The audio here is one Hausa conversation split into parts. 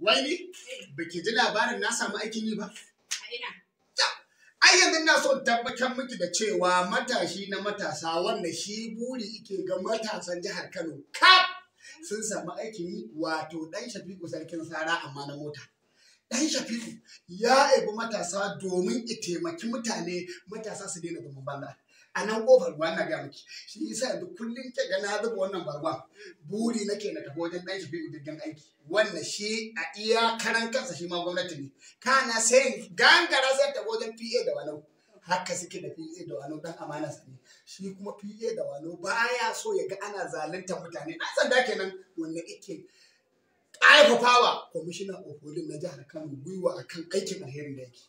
Wai ni? Eh. Ba ke ji labarin na samu aikin yi ba? Ai yanzu na so tabbatar miki da cewa matashi na matasa wanda shi buri ike ga matasan jihar Kano kap sun samu aikin yi wato ɗan Shafiku sarkin sara amma na mota. Ɗan Shafiku ya ebi matasa domin ya taimaki mutane matasa su daina zaman banza. a nan kofar ruwa na gaya miki shi yasa yanzu kullum ke ga na zuba wannan barwa buri nake na tafi wajen ɗan shafi diddigin aiki wannan shi a iya karan kansa shi ma gwamnati ne kana sai gangara sai tafi wajen PA da walau haka suke da PA da wano dan amana sani shi kuma PA da wano baya so ya ga ana zalunta mutane dan sanda kenan wanda yake ƙarfafawa kwamishinan ofolin na jihar Kano gwiwa akan aikin alherin da yake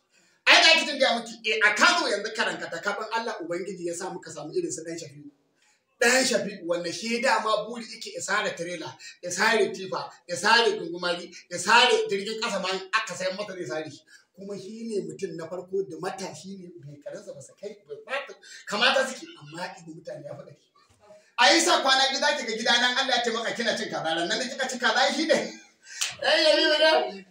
da ki jin gaya miki eh a Kano yanzu karanta ka kafin Allah ubangiji ya muka samu irin su dan shafi dan shafi'u wanda shi dama buri yake ya sare tirela ya sare tifa ya sare gungumari ya sare jirgin kasa ma aka sayan masa ne sare kuma shi ne mutum na farko da matashi ne bai karansa ba kai kamata suke amma idan mutane ya faɗa a yi sa kwana gida ki ga gida nan Allah ya taimaka kina cin kaza nan nan kika ci kaza shi ne dan yabi ne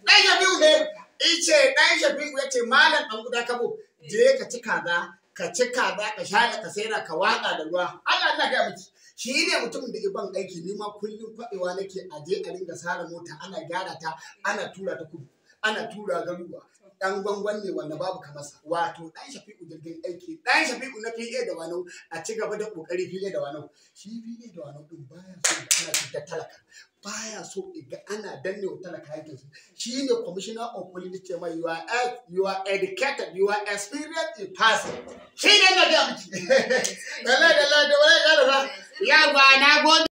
dan yabi ne ice dan shafi'u ya ce malam dan guda kabo je ka ci kaza ka ci kaza ka shaya ka saira ka waka da ruwa Allah Allah gaya miki shi ne mutumin da iban aiki ni ma kullum faɗewa nake aje a ringa sara mota ana gyara ta ana tura ta kudu ana tura garuwa dan gwangwan ne wanda babu kamasa wato dan shafi'u jirgin aiki dan shafi'u na fiye da wano a ci gaba da kokari fiye da wano shi fiye da wano din baya so ana cutar talaka baya so iga ana danne wa talaka haƙƙinsa shi ne commissioner of police ce ma you are you are educated you are experienced in passing shi ne na ga miki lalle lalle wala ga ya ba na gode